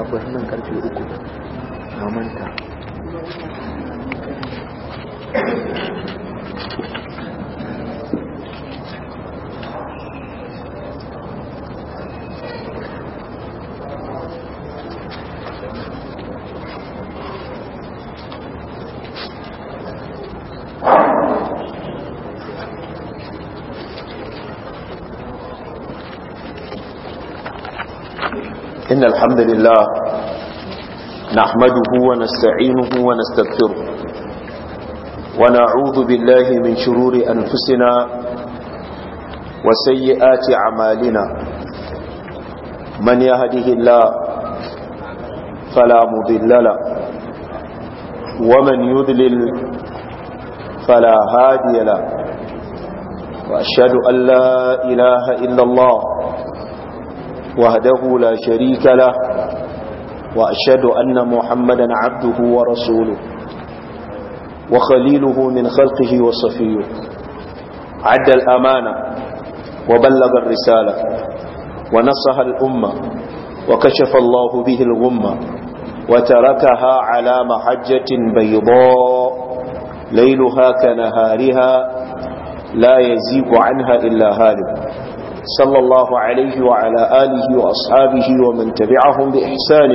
a birnin karfe uku na manta الحمد لله نحمده ونستعينه ونستغفره ونعوذ بالله من شرور أنفسنا وسيئات أعمالنا من يهده الله فلا مضل له ومن يذلل فلا هادي له وأشهد أن لا إله إلا الله وحده لا شريك له وأشهد أن محمدا عبده ورسوله وخليله من خلقه وصفيه عد الأمانة وبلغ الرسالة ونصها الأمة وكشف الله به الغمة وتركها على محجة بيضاء ليلها كنهارها لا يزيق عنها إلا هالك صلى الله عليه وعلى آله وأصحابه ومن تبعهم بإحسان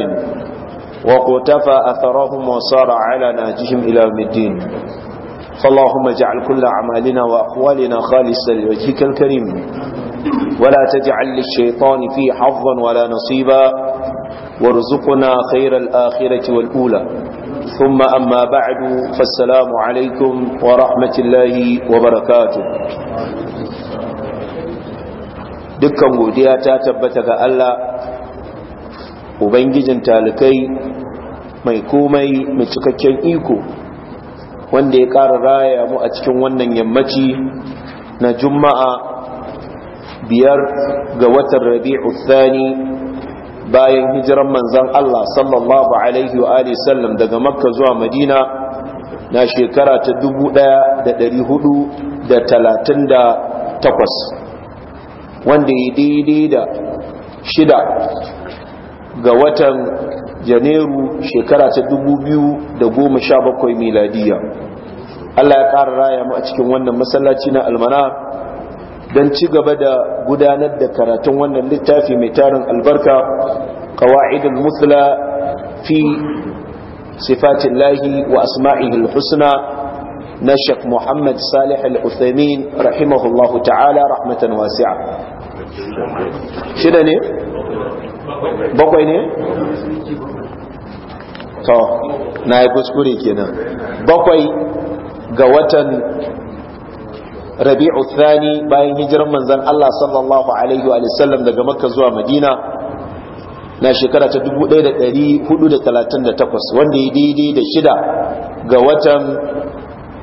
وقتفى أثرهم وصار على ناجهم إلى الدين فاللهم اجعل كل أعمالنا وأقوالنا خالصا لوجهك الكريم ولا تجعل للشيطان فيه حظا ولا نصيبا وارزقنا خير الآخرة والأولى ثم أما بعد فالسلام عليكم ورحمة الله وبركاته dukkan godiya ta tabbata ga Allah ubangijin talikai mai komai mai cikakken iko wanda ya ƙara raya mu a cikin wannan yammaci na juma'a biyar ga watan rabi'u thani bayan hijiran manzan Allah sallallahu alaihi wa alihi sallam daga makka zuwa madina na shekara ta dubu da da da talatin takwas. wanda ya daidai da shida ga watan janairu shekara ta 2017 miladiya Allah ya ƙara raya mu a cikin wannan masallaci na almana don ci gaba da gudanar da karatun wannan littafi mai tarin albarka ƙawa'idul musula fi sifatin lahi wa asma'ihil husna na shek muhammad salih al-uthaymin rahimahullahu ta'ala rahmatan wasi'a shida ne bakwai ne to na yi kuskure kenan bakwai ga watan rabi'u thani bayan hijiran manzan Allah sallallahu alaihi wa sallam daga makka zuwa madina na shekara ta 1438 wanda ya daidai da shida ga watan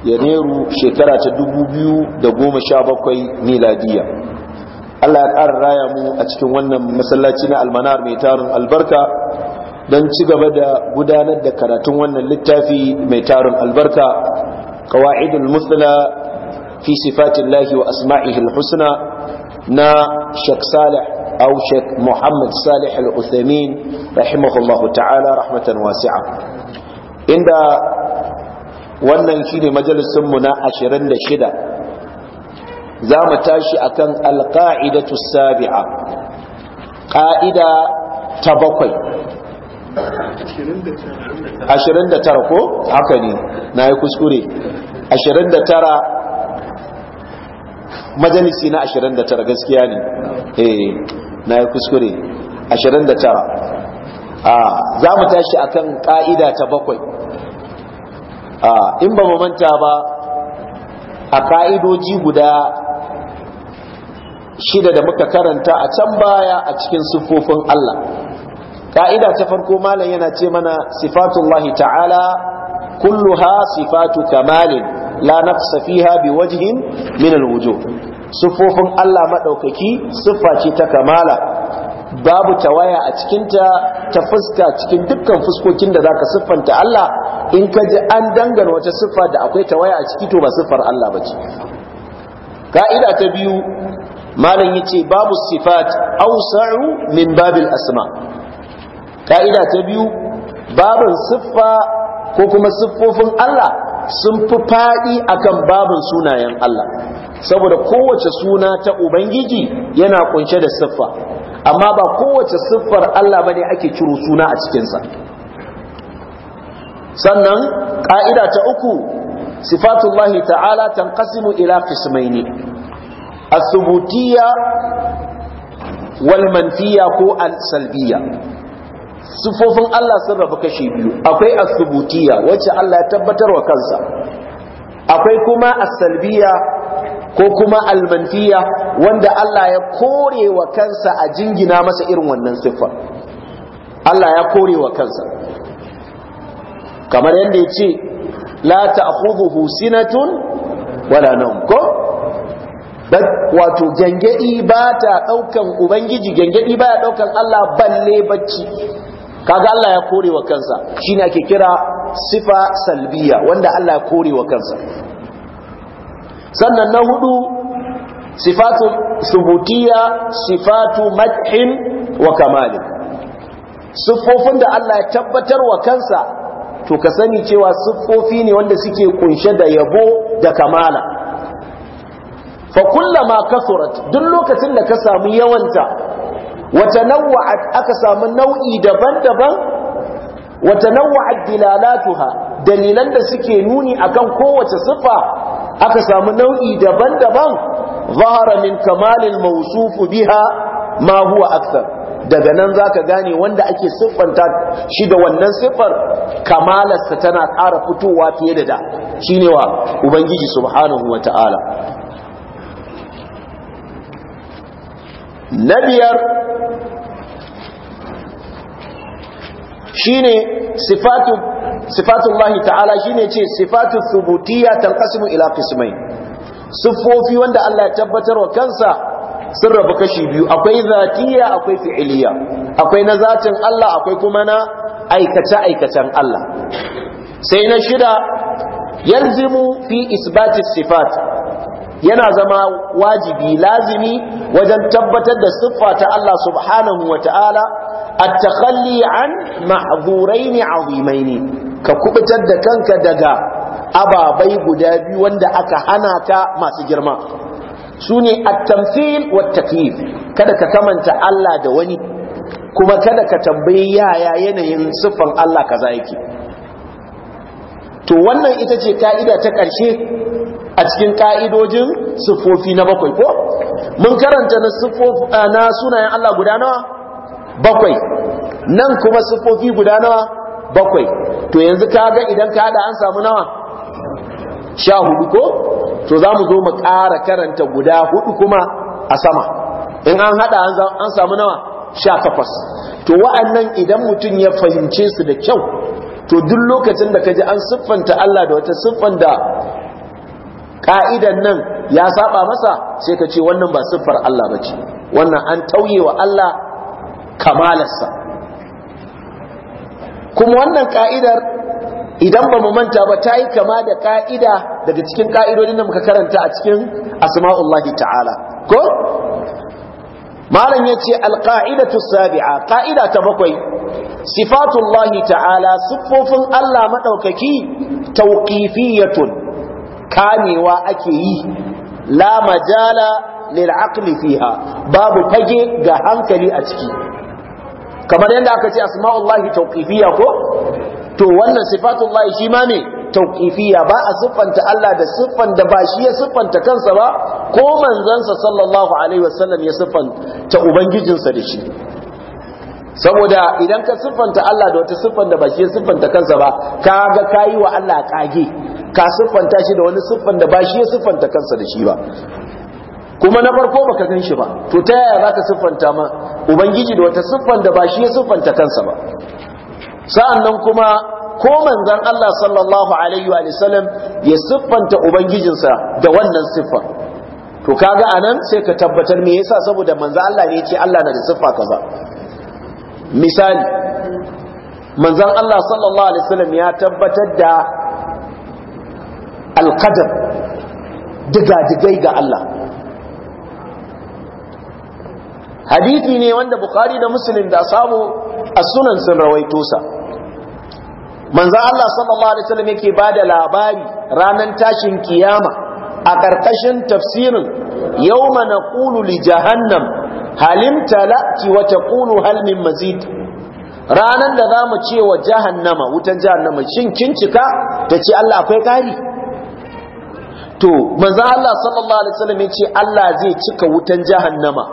yaneru shekara ta 2017 miladiyya Allah ya ƙara raya mu a cikin wannan masallaci na almanar mai tarin albarka don ci gaba da gudanar da karatun wannan littafi mai tarin albarka ƙawa'idul musla fi sifatillahi wa asma'ihi husna na Sheikh Salih aw Sheikh Muhammad Salih al-Uthaymeen rahimahullahu ta'ala rahmatan wasi'a inda wannan shine majalisin mu na shida. za mu tashi a kan alƙa'idatu sabi'a ƙa'ida ta bakwai 29 ko haka ne na yi kuskure 29 majalisi na 29 gaskiya ne eh na yi kuskure 29 a za mu tashi a kan ƙa'ida ta bakwai a in ba mu manta ba a ƙa'idoji guda shida da muka karanta a can baya a cikin sufofin Allah ka'ida ta farko malam yana ce mana sifatullahi ta'ala kullu ha sifatu kamalin la nafsa fiha wajihin min Wujo. Sufofin Allah maɗaukaki, siffa ce ta kamala babu tawaya a cikinta ta fuska cikin dukkan fuskokin da zaka siffanta Allah in ka ji an dangan wata siffa da akwai tawaya a ciki to ba siffar Allah ba ce. ka'ida ta biyu malam yace babu sifat awsa'u min babil asma ka'ida ta biyu babin siffa ko kuma siffofin Allah sun fi fadi akan babin sunayen Allah saboda kowace suna ta ubangiji yana kunshe da siffa amma ba kowace siffar Allah bane ake ciro suna a cikinsa sannan ka'ida ta uku sifatullahi ta'ala tanqasimu ila qismaini asubutiya ko al sifofin sufofin Allah sun rabu kashi biyu akwai asubutiya wacce Allah ya tabbatar wa kansa akwai kuma as ko kuma al wanda Allah ya kore wa kansa a jingina masa irin wannan siffa Allah ya kore wa kansa kamar yadda ya ce la ta'khudhuhu sinatun wala nawm ko wato gangadi ba ta daukan ubangiji gangadi ba ya daukan Allah balle bacci kaga Allah ya kore wa kansa shine ake kira sifa salbiya wanda Allah ya kore wa kansa sannan na hudu sifatu subutiya sifatu madhin wa kamali sifofin da Allah ya tabbatar wa kansa to ka sani cewa sifofi ne wanda suke kunshe da yabo da kamala fa kullama kasurat duk lokacin da ka samu yawanta wata nawa'at aka samu nau'i daban-daban wata dilalatuha dalilan da suke nuni akan kowace sifa aka samu nau'i daban-daban zahara min kamalil mawsufu biha ma huwa akthar daga nan zaka gane wanda ake siffanta shi da wannan siffar kamalarsa tana ƙara fitowa fiye da da shine wa ubangiji subhanahu wataala na biyar shine sifatu sifatullahi ta'ala shine ce sifatu thubutiyya talqasimu ila qismayn Sifofi wanda Allah ya tabbatar wa kansa sun rabu kashi biyu akwai zatiyya akwai fi'iliya akwai na zatin Allah akwai kuma na aikace aikacen Allah sai na shida yalzimu fi isbatis sifat yana zama wajibi lazimi wajen tabbatar da siffa ta Allah subhanahu wa ta'ala at-takhalli an mahdhuraini ne, ka kubutar da kanka daga ababai guda biyu wanda aka hana ta masu girma sune ne a wa takyif kada ka kamanta Allah da wani kuma kada ka tambayi yaya yanayin siffan Allah za yake to wannan ita ce ka'ida ta ƙarshe a cikin ka'idojin siffofi na bakwai ko mun karanta na sunayen Allah guda nawa bakwai nan kuma siffofi guda nawa bakwai to yanzu ga idan ka hada an samu nawa sha hudu ko to za mu zo mu ƙara karanta guda hudu kuma a sama in an hada an samu nawa sha takwas to wa'annan idan mutum ya fahimce su da kyau to duk lokacin da kaji an siffanta Allah da wata siffan da ka'idan nan ya saba masa sai ka ce wannan ba siffar Allah ba ce wannan an tauye wa Allah kamalarsa kuma wannan ka'idar idan ba mu manta ba ta yi kama da ka'ida daga cikin ka'idodin da muka karanta a cikin asma'ullahi ta'ala ko malam yace alqa'idatu sabi'a ƙa'ida ta bakwai sifatullahi ta'ala siffofin Allah maɗaukaki tawqifiyatun kamewa ake yi la majala lil aqli fiha babu fage ga hankali a ciki kamar yadda aka ce asma'ullahi tawqifiyya ko to wannan sifatullahi shi ma ne tauqifiyya ba a siffanta Allah da siffan da ba shi ya siffanta kansa ba ko manzansa sallallahu alaihi wasallam ya siffanta ubangijinsa da shi saboda idan ka siffanta Allah da wata siffan da ba shi ya siffanta kansa ba ka ga kayi wa Allah kage ka siffanta shi da wani siffan da ba shi ya siffanta kansa da shi ba kuma na farko baka gan shi ba to ta yaya zaka siffanta ma ubangiji da wata siffan da ba shi ya siffanta kansa ba sa'annan kuma ko manzon Allah sallallahu alaihi wa sallam ya siffanta ubangijinsa da wannan siffar to kaga anan sai ka tabbatar me yasa saboda manzon Allah ne yake Allah na da siffa kaza misali manzon Allah sallallahu alaihi wasallam ya tabbatar da alqadar diga-digai ga Allah hadithi ne wanda bukhari da muslim da samu a sunan sun rawaito sa manzon Allah sallallahu alaihi wasallam yake bada labari ranan tashin kiyama a karkashin tafsirin yawma naqulu li jahannam halim talati wa taqulu hal min mazid ranan da zamu ce wa jahannama wutan jahannama shin kin cika tace Allah akwai kari to manzon Allah sallallahu alaihi wasallam yace Allah zai cika wutan jahannama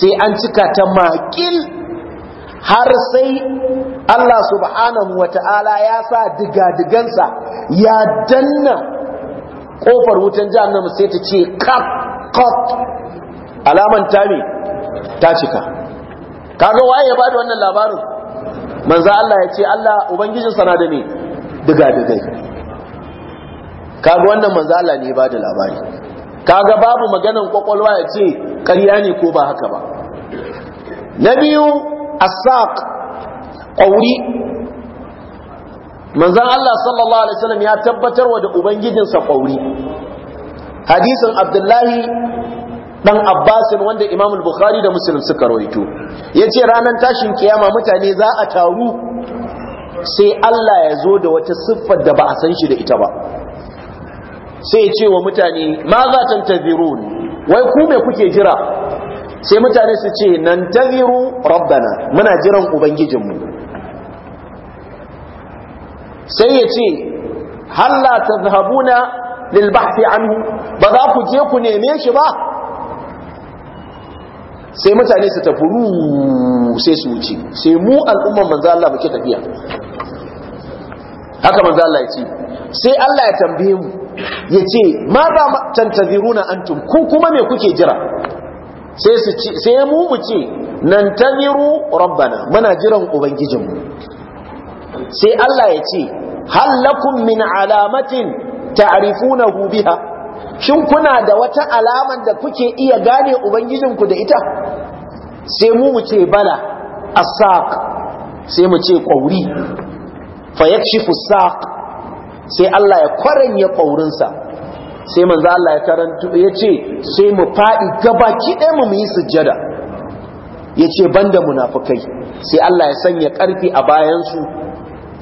sai an cika ta makil har sai Allah subhanahu wa ta'ala ya sa digadigansa ya danna kofar wutan jahannama sai ta ce kaf kot alaman tami ta cika kaga waye ya bada wannan labarin manzo Allah ya ce Allah ubangijin sana da ne digadigai kaga wannan manzo Allah ne ya bada labari kaga babu maganan kwakwalwa ya ce ƙarya ne ko ba haka ba na biyu asaq ƙauri manzan Allah sallallahu alaihi wasallam ya tabbatar wa da ubangijinsa ƙauri hadisin abdullahi dan abbas wanda imam bukhari da muslim suka rawaito ya ce ranar tashin kiyama mutane za a taru sai Allah ya zo da wata siffar da ba a san shi da ita ba sai ya ce wa mutane ma za ta wai ku me kuke jira sai mutane su ce nan taziru rabbana muna jiran ubangijinmu sai ya ce halla tadhhabuna lil bahthi anhu ba za ku je ku neme shi ba sai mutane su tafi sai su wuce sai mu al'umman manzo Allah muke tafiya haka manzo Allah ya ce sai Allah ya tambaye mu ya ce ma ba tantaziruna antum ku kuma me kuke jira sai su mu mu ce nan tamiru rabbana muna jiran ubangijin mu. sai Allah ya ce hal min alamatin hu biha shin kuna da wata alaman da kuke iya gane ubangijinku da ita sai mu mu ce bala asaq sai mu ce kwauri fa yakshifu saq sai Allah ya kwaranya kwaurinsa sai manzo Allah ya karanto yace sai mu fadi gabaki ɗaya mu yi sujjada yace banda munafikai sai Allah ya sanya ƙarfi a bayan su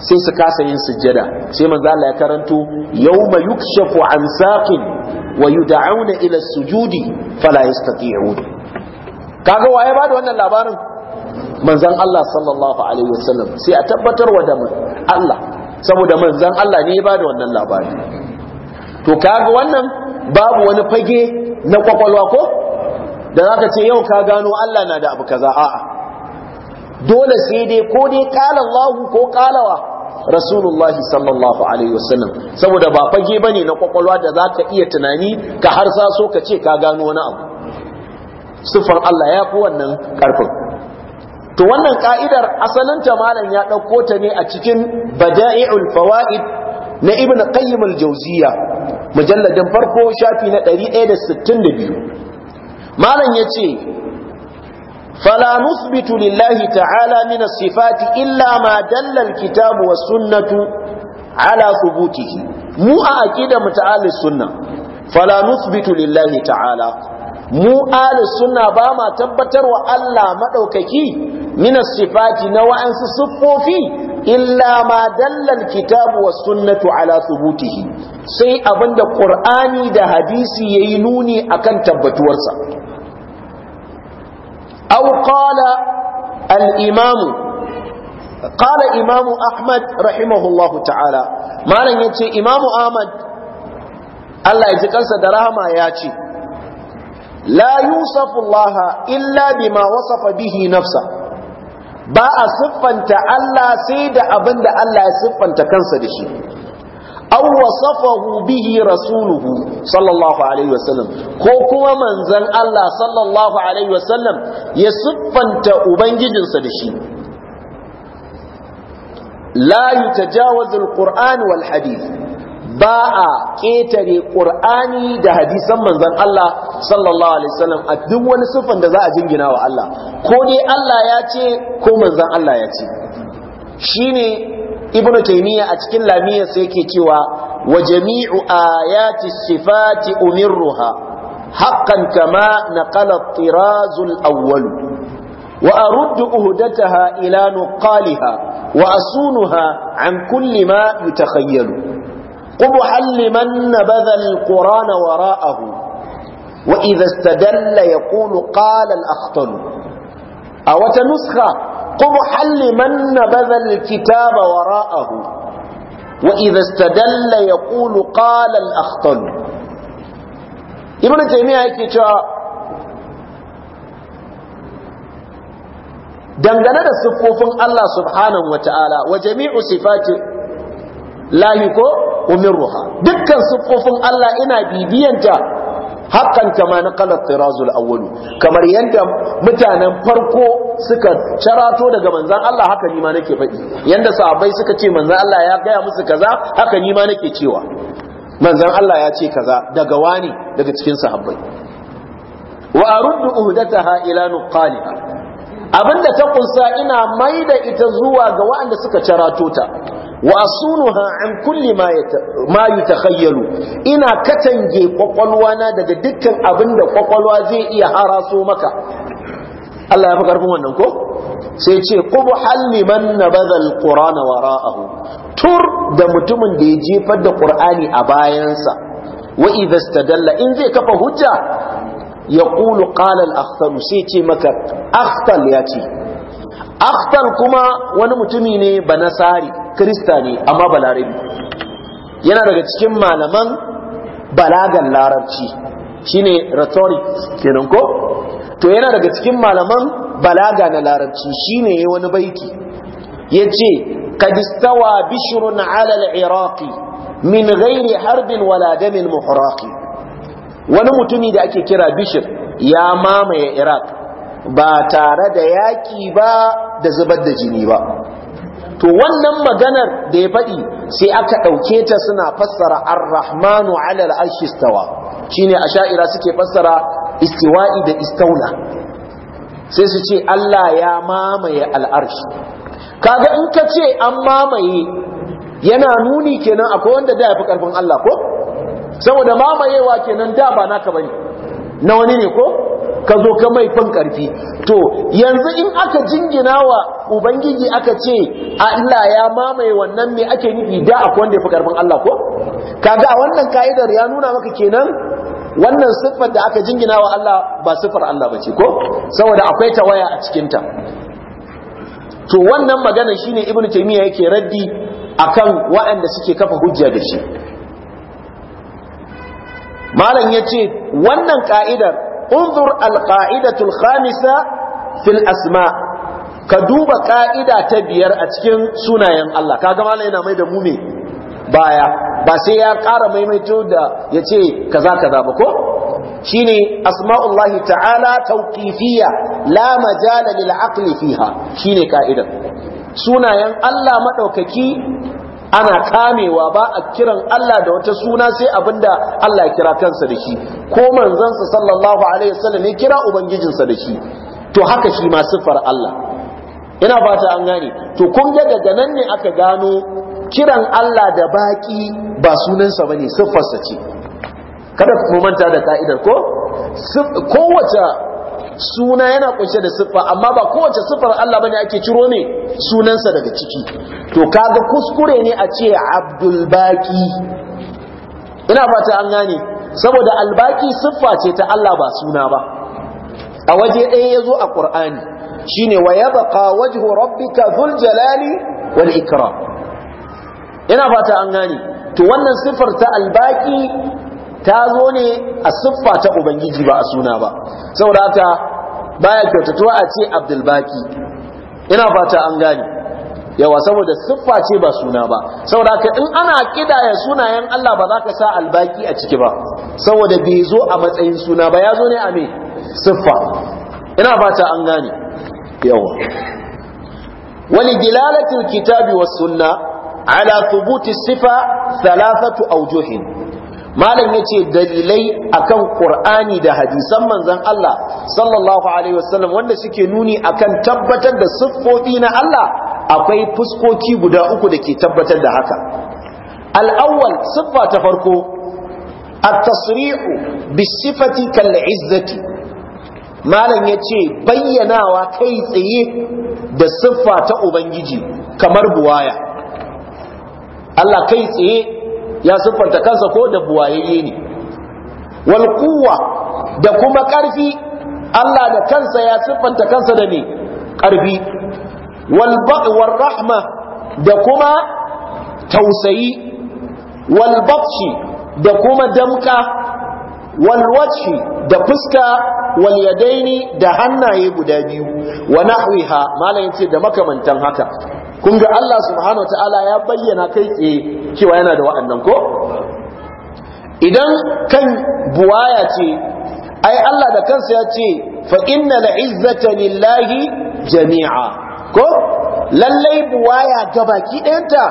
sai su kasa yin sujjada sai manzo Allah ya karanto yawma yukshafu an saqin wa yud'auna ila sujudi fala yastati'un kaga waye ba da wannan labarin manzon Allah sallallahu alaihi wasallam sai a tabbatar wa da Allah saboda manzon Allah ne ya ba da wannan labarin to kaga wannan babu wani fage na kwakwalwa ko da zaka ce yau ka gano Allah na da abu kaza a'a dole sai dai ko dai kala Allah ko kalawa Rasulullah sallallahu alaihi wasallam saboda ba fage bane na kwakwalwa da za ka iya tunani ka har so ka ce ka gano wani abu sufan Allah ya fi wannan karfin to wannan ka'idar asalin malam ya ɗauko ta ne a cikin bada'i'ul fawaid na ibn qayyim al mujalladin farko shafi na 162 malam yace fala nusbitu lillahi ta'ala min as-sifati illa ma dalla al-kitab was sunnatu ala thubutihi mu a aqida muta'alli sunna fala nusbitu lillahi ta'ala mu ahli sunna ba ma tabbatar wa Allah madaukaki min as-sifati na wa'ansu siffofi illa ma dallal kitabu wa sunnatu ala thubutihi sai abinda qur'ani da hadisi yayi nuni akan tabbatuwarsa aw qala al imam qala imam ahmad rahimahullahu ta'ala malan yace imam ahmad Allah ya ji kansa da rahama ya ce la yusafu Allah illa bima wasafa bihi nafsa ba a siffanta Allah sai da abin da Allah ya siffanta kansa da shi An wasafahu bihi rasuluhu sallallahu alaihi wasallam ko kuma manzon Allah sallallahu alaihi wasallam ya siffanta ubangijinsa da shi la yutajawazu alquran wal hadith ba a ƙetare ƙur'ani da hadisan manzan Allah sallallahu alaihi wasallam a duk wani siffan da za a jingina wa Allah ko dai Allah ya ce ko manzan Allah ya ce shine ibnu taymiya a cikin lamiyar sai yake cewa wa jami'u ayati sifati umirruha haqqan kama naqala tirazul awwal wa aruddu uhdataha ila nuqaliha wa asunuha an kulli ma yutakhayyal قبحا لمن نبذ القرآن وراءه وإذا استدل يقول قال الأخطل أو تنسخة قبحا لمن نبذ الكتاب وراءه وإذا استدل يقول قال الأخطل ابن تيمية يكي dangane da siffofin Allah subhanahu wa ta'ala wa jami'u sifati lahi ko umirruha dukkan siffofin Allah ina bibiyanta hakan kama na kalar tirazul awwalu kamar yadda mutanen farko suka carato daga manzan Allah haka ma nake faɗi yadda sahabbai suka ce manzan Allah ya gaya musu kaza haka ma nake cewa manzan Allah ya ce kaza daga wani daga cikin sahabbai wa aruddu uhdataha ila nuqaliha abinda ta kunsa ina maida ita zuwa ga waɗanda suka carato ta wa asunuha an kulli ma yutakhayyalu ina katange kwakwalwa na daga dukkan abin da kwakwalwa zai iya haraso maka Allah ya fi karfin wannan ko sai ce qubu halliman nabadha alqur'ana wara'ahu tur da mutumin da ya jefar da qur'ani a bayansa wa idha istadalla in zai kafa hujja yaqulu qala al-akhtal sai ce maka aftal ya ce aftal kuma wani mutumi ne banasari kirista ne amma balarabi yana daga cikin malaman balagan larabci shine rhetoric kenan ko to yana daga cikin malaman balaga na larabci shine yayi wani baiti yace kadistawa istawa bishrun ala al-iraqi min ghairi harbin wala damin muhraqi wani mutumi da ake kira bishir ya mamaye iraq ba tare da yaki ba da zubar da jini ba to wannan maganar da ya faɗi sai aka ɗauke ta suna fassara ar-rahmanu ala al-arshi istawa shine asha'ira suke fassara istiwa'i da istaula sai su ce Allah ya mamaye al-arshi kaga in ka ce an mamaye yana nuni kenan akwai wanda da ya fi karfin Allah ko saboda mamayewa kenan da ba naka bane na wani ne ko ka zo ka mai fin karfi to yanzu in aka jingina wa ubangiji aka ce Allah ya mamaye wannan me ake nufi da akwai wanda ya fi karfin Allah ko kaga a wannan ka'idar ya nuna maka kenan wannan siffar da aka jingina wa Allah ba siffar Allah bace ko saboda akwai tawaya a cikin ta to wannan magana shine ibnu taymiya yake raddi akan waɗanda suke kafa hujja da shi malam yace wannan ka'idar unzur alqa'idatul khamisa fil asma ka duba ƙa'ida ta biyar a cikin sunayen Allah kaga malai yana mai da mu ne baya ba sai ya ƙara maimaito da ya ce kaza kaza ba ko shine asma'ullahi ta'ala tawqifiyya la majala lil aqli fiha shine ka'idan sunayen Allah maɗaukaki. ana kamewa ba a kiran Allah da wata suna sai abinda Allah ya kira kansa da shi ko manzansa sallallahu alaihi wasallam ya kira ubangijinsa da shi to haka shi ma siffar Allah ina ba ta an gane to kun ga daga nan ne aka gano kiran Allah da baki ba sunansa bane siffarsa ce kada ku manta da ka'idar ko kowace suna yana kunshe da siffa amma ba kowace siffar Allah bane ake ciro ne sunansa daga ciki to kaga kuskure ne a ce Abdul Baqi ina fata an gane saboda albaki siffa ce ta Allah ba suna ba a waje ɗaya yazo a Qur'ani shine wa yabqa wajhu rabbika dhul jalali wal ikram ina fata an gane to wannan siffar ta albaki ta zo ne a siffa ta ubangiji ba a suna ba saboda ta baya kyautatuwa a ce abdulbaki ina fata an gane yawa saboda siffa ce ba suna ba saboda ka in ana kidaya sunayen Allah ba za ka sa albaki a ciki ba saboda bai zo a matsayin suna ba ya zo ne a me siffa ina fata an gane yawa wani gilalatin kitabi was sunna ala thubuti sifa thalathatu awjuhin malam ya ce dalilai akan ƙur'ani da hadisan manzan Allah sallallahu alaihi wasallam wanda suke nuni akan tabbatar da siffofi na Allah akwai fuskoki guda uku da ke tabbatar da haka al'awwal siffa ta farko a tasiri'u bisifati sifati izzati malam ya ce bayyanawa kai tsaye da siffa ta ubangiji kamar buwaya Allah kai tsaye ya siffanta kansa ko da buwayayye ne wal quwwa da kuma ƙarfi, Allah da kansa ya siffanta kansa da ne ƙarfi. wal war rahma da kuma tausayi wal batshi da kuma damka wal wajhi da fuska wal yadaini da hannaye guda biyu wa nahwiha malayin ce da makamantan haka kun ga Allah subhanahu ta'ala ya bayyana kai tsaye cewa yana da wa'annan ko idan kan buwaya ce ai Allah da kansa ya ce fa inna la lillahi jami'a ko lallai buwaya gabaki ɗayanta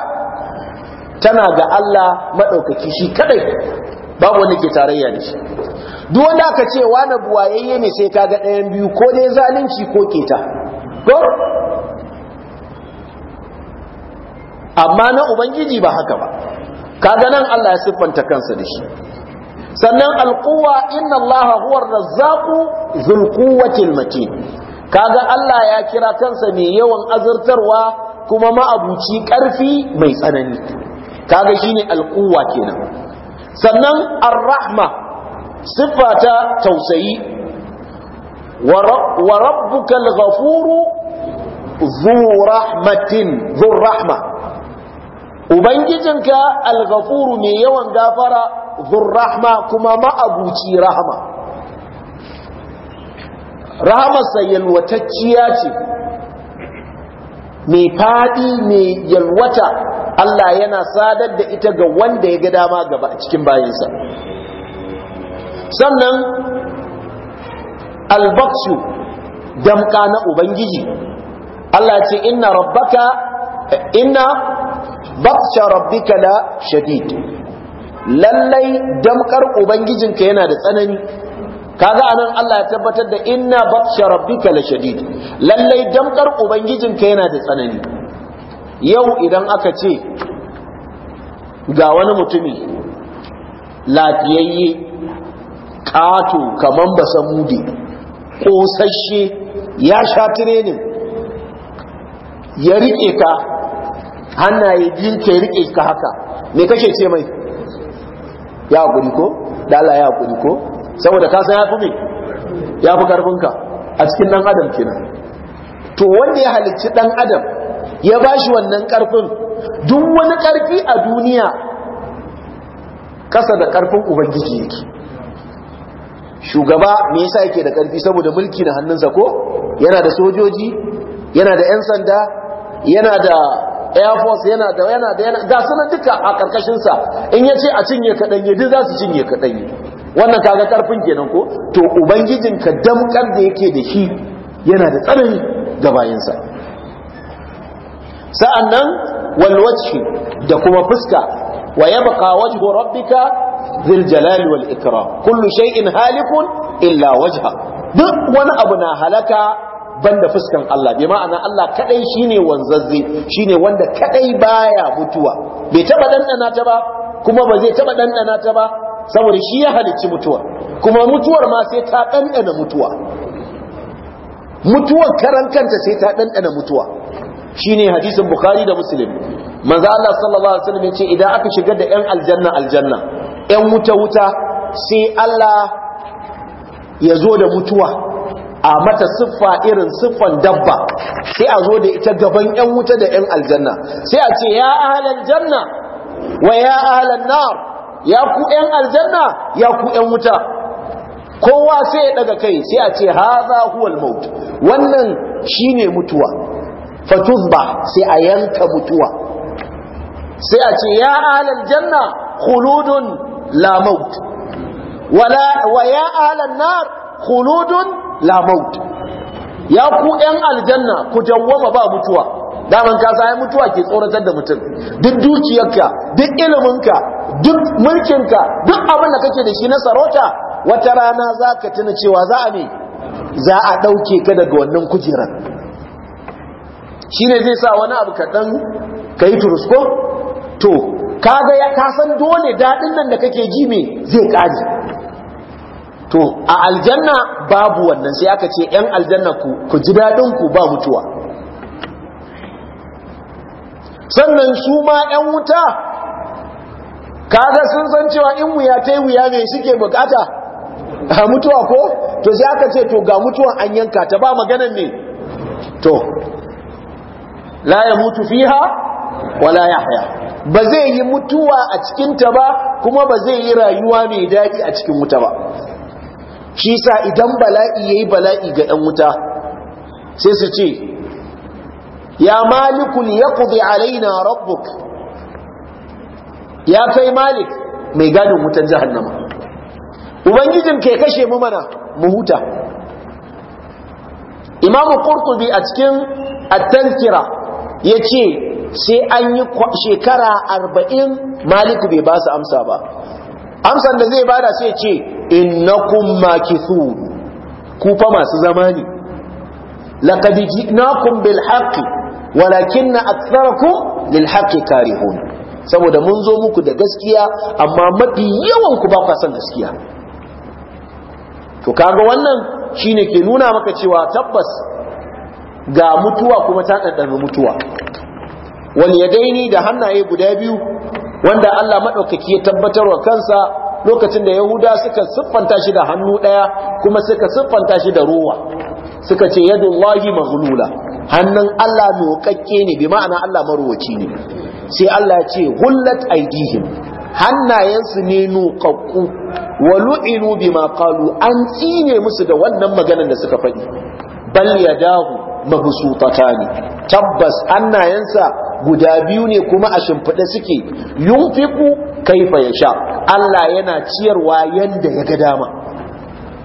tana ga Allah maɗaukaki shi kadai babu wanda ke tarayya da shi duk wanda aka ce wani buwayayye ne sai ka ga ɗayan biyu ko dai zalunci ko keta ko amma na ubangiji ba haka ba kaga nan Allah ya siffanta kansa da shi sannan alquwa inna Allah huwa ar-razzaqu dhul quwwati matin kaga Allah ya kira kansa mai yawan azurtarwa kuma ma'abuci karfi mai tsanani kaga shine alquwa kenan sannan ar-rahma siffata tausayi wa rabbuka al-ghafuru rahmatin dhu rahma ubangijinka alghafuru mai yawan gafara zurrahma kuma ma'abuci rahama rahamarsa yalwatacciya ce mai faɗi mai yalwata Allah yana sadar da ita ga wanda ya ga dama gaba a cikin bayansa sannan albaksu damka na ubangiji Allah ce inna rabbaka inna batsha rabbika la shadid lallai damkar ubangijinka yana da tsanani kaga anan Allah ya tabbatar da inna batsha rabbika la shadid lallai damkar ubangijinka yana da tsanani yau idan aka ce ga wani mutumi lafiyayye kato kaman basamude Ƙosashe ya sha tirenin ya riƙe ka hannaye biyu ke rike ka haka me kake ce mai ya hakuri ko da ya hakuri ko saboda ka san yafi me yafi karfin ka a cikin dan adam kenan to wanda ya halicci dan adam ya bashi wannan karfin duk wani karfi a duniya kasa da karfin ubangiji yake shugaba me yasa yake da karfi saboda mulki na hannunsa ko yana da sojoji yana da 'yan sanda yana da air force yana da yana da yana sunan duka a karkashin sa in yace a cinye ka danye duk za su cinye ka danye wannan kaga karfin kenan ko to ubangijin ka damkar da yake da shi yana da tsanani ga bayansa sa'annan wal wajhi da kuma fuska wa yabqa wajhu rabbika dhil jalali wal ikram kullu shay'in halikun illa wajha duk wani abu na halaka banda fuskan Allah bai ma'ana Allah kadai shine wanzazze shine wanda kadai baya mutuwa bai taba dandana ta ba kuma ba zai taba dandana ta ba saboda shi ya halicci mutuwa kuma mutuwar ma sai ta dandana mutuwa mutuwar karan kanta sai ta dandana mutuwa shine hadisin bukhari da muslim manzo Allah sallallahu alaihi wasallam yace idan aka shiga da yan aljanna aljanna yan wuta wuta sai Allah ya zo da mutuwa a mata siffa irin siffan dabba sai a zo da ita gaban yan wuta da yan aljanna sai a ce ya ahlan janna wa ya ahlan nar ya ku yan aljanna ya ku yan wuta kowa sai ya daga kai sai a ce hadha huwal maut wannan shine mutuwa fatuzba sai a yanka mutuwa sai a ce ya ahlan janna khuludun la maut wala wa ya ahlan nar khuludun la maut ya ku yan aljanna ku wama ba mutuwa daman ka sai mutuwa ke tsoratar da mutum duk dukiyarka duk iliminka duk ka, duk abin da kake da shi na sarauta wata rana za ka tuna cewa za a ne za a ɗauke ka daga wannan kujerar shi ne zai sa wani abu kaɗan ka yi turusko to kaga ya kasan dole daɗin nan da kake ji me zai ƙaji to a aljanna babu wannan sai aka ce yan aljanna ku ku ji dadin ku ba mutuwa sannan su ma yan wuta kaga sun san cewa in wuya tai wuya ne suke bukata a mutuwa ko to sai aka ce to ga mutuwan an yanka ta ba maganan ne to la mutu fiha wala yahya ba zai yi mutuwa a cikinta ba kuma ba zai yi rayuwa mai daɗi a cikin wuta ba shi sa idan bala'i ya yi bala'i ga ɗan wuta sai su ce ya malikul yaqdi alaina rabbuk ya kai malik mai gadin wutan jahannama ubangijin ke kashe mu mana mu huta imamu kurkubi a cikin attankira ya ce sai an yi shekara arba'in maliku bai ba su amsa ba amsan da zai bada sai ce innakum makithun ku fa masu zama ne laqad ji'nakum bil haqq walakinna aktharakum lil kare karihun saboda mun zo muku da gaskiya amma mafi yawan ku ba ku san gaskiya to kaga wannan shine ke nuna maka cewa tabbas ga mutuwa kuma ta ɗanɗana mutuwa wal yadaini da hannaye guda biyu wanda Allah madaukaki ya tabbatar wa kansa lokacin da yahuda suka siffanta shi da hannu ɗaya kuma suka siffanta shi da ruwa suka ce yadullahi maghlula hannun Allah nokakke ne bi ma'ana Allah marwaci ne sai Allah ya ce hullat aidihim hannayensu ne nukakku wa lu'inu bima qalu an tsine musu da wannan maganar da suka faɗi bal yadahu mabsutatani tabbas hannayensa guda biyu ne kuma a shimfiɗe suke yunfiku kaifa ya sha Allah yana ciyarwa yadda ya ga dama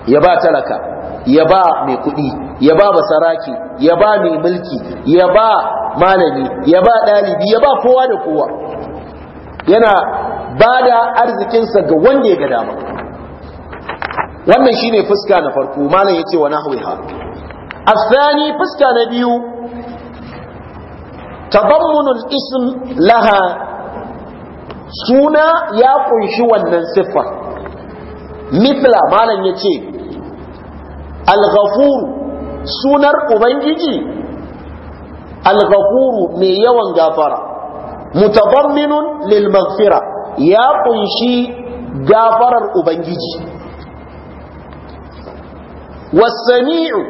ya ba talaka ya ba mai kuɗi ya ba basaraki ya ba mai mulki ya ba malami ya ba ɗalibi ya ba kowa da kowa yana ba da arzikinsa ga wanda ya ga dama wannan shi ne fuska na farko malam ce wa nahwiha fuska na biyu. tadammunul ism laha suna ya ƙunshi wannan siffa mithla malam ya ce, ghafur sunar ubangiji al mai yawan gafara mutadamminun lil maghfira ya ƙunshi gafarar ubangiji was-sami'u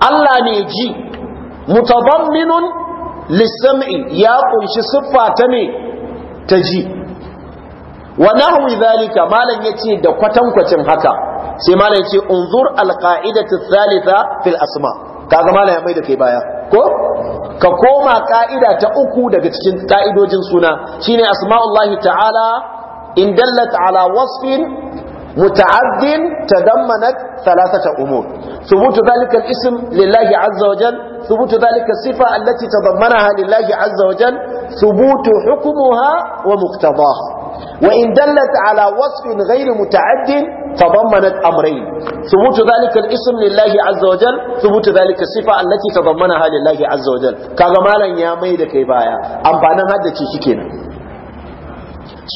Allah ne ji mutabamminun lissam'i ya kunshi siffa ta ne ta ji wa nahwi zalika malam yace da kwatankwacin haka sai malam yace unzur alqa'idatu thalitha fil asma kaga malan ya mai da kai baya ko ka koma ka'ida ta uku daga cikin ka'idojin suna shine asma'ullahi ta'ala in dallat ala wasfin متعد تضمنت ثلاثة أمور ثبوت ذلك الاسم لله عز وجل ثبوت ذلك الصفة التي تضمنها لله عز وجل ثبوت حكمها ومقتضاها وإن دلت على وصف غير متعد تضمنت أمرين ثبوت ذلك الاسم لله عز وجل ثبوت ذلك الصفة التي تضمنها لله عز وجل كما مالا يا ميدك بايا أم بانا هذا تشيكينا